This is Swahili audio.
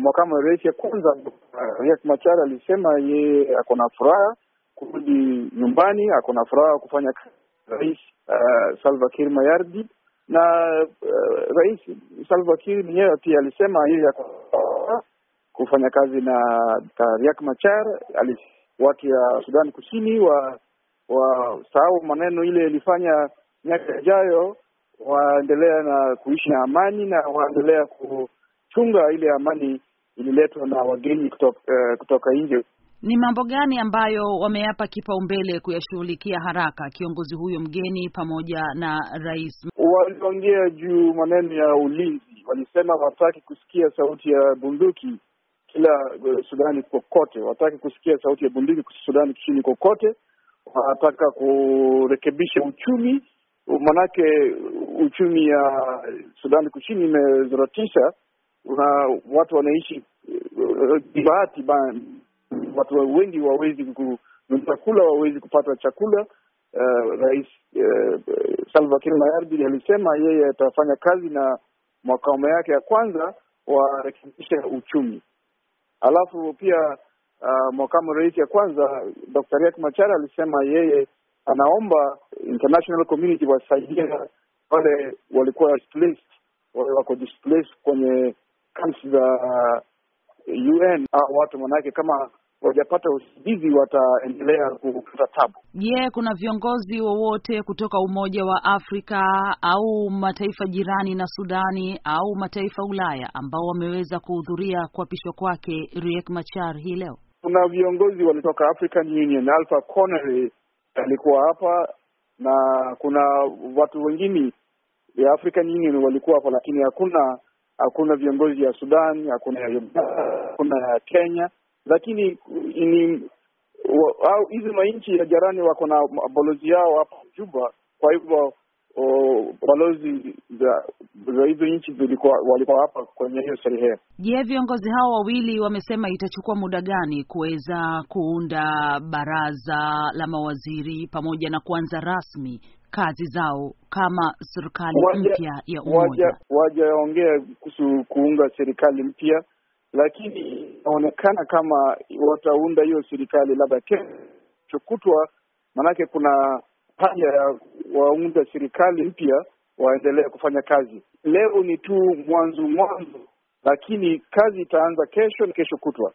makamu wa rais ya kwanza Riek Machar alisema yeye ako na furaha kurudi nyumbani, ako na furaha kufanya kazi rais uh, Salva Kiir Mayardi na uh, rais Salva Kiir mwenyewe pia alisema yeye ako kufanya kazi na Riek Machar watu ya Sudan Kusini wa wasahau maneno ile ilifanya miaka ijayo, waendelea na kuishi na amani na waendelea kuchunga ile amani ililetwa na wageni kutoka, uh, kutoka nje. Ni mambo gani ambayo wameyapa kipaumbele kuyashughulikia haraka kiongozi huyo mgeni pamoja na rais? Waliongea juu maneno ya ulinzi, walisema wataki kusikia sauti ya bunduki kila eh, Sudani kokote, wataki kusikia sauti ya bunduki Sudani kusini kokote. Wanataka kurekebisha uchumi, manake uchumi ya Sudani Kusini imezorotisha na watu wanaishi kibahati. Eh, watu wengi wawezi kununua kula, wawezi kupata chakula. Uh, Rais uh, Salva Kiir alisema yeye atafanya kazi na makamo yake ya kwanza warekebisha uchumi. Alafu pia uh, ah, makamo rais ya kwanza Dr. riak machara alisema yeye anaomba international community wasaidia wale walikuwa displaced, wale wako displaced kwenye camps za UN au watu manake kama wajapata usaidizi wataendelea kupata tabu. Je, yeah, kuna viongozi wowote kutoka Umoja wa Afrika au mataifa jirani na Sudani au mataifa Ulaya ambao wameweza kuhudhuria kuapishwa kwake Riek Machar hii leo? Kuna viongozi walitoka African Union, Alpha Connery alikuwa hapa na kuna watu wengine ya African Union walikuwa hapa, lakini hakuna hakuna viongozi ya Sudan, hakuna ya Uganda, hakuna ya Kenya, lakini ni au hizi manchi ya jirani wako na balozi yao hapa Juba. Kwa hivyo balozi za hizo nchi walikuwa hapa kwenye hiyo sherehe. Je, viongozi hao wawili wamesema itachukua muda gani kuweza kuunda baraza la mawaziri pamoja na kuanza rasmi kazi zao kama serikali mpya ya umoja. Wajaongea kuhusu kuunga serikali mpya, lakini inaonekana kama wataunda hiyo serikali labda kesho kutwa, maanake kuna haja ya waunda serikali mpya waendelee kufanya kazi. Leo ni tu mwanzo mwanzo, lakini kazi itaanza kesho na kesho kutwa.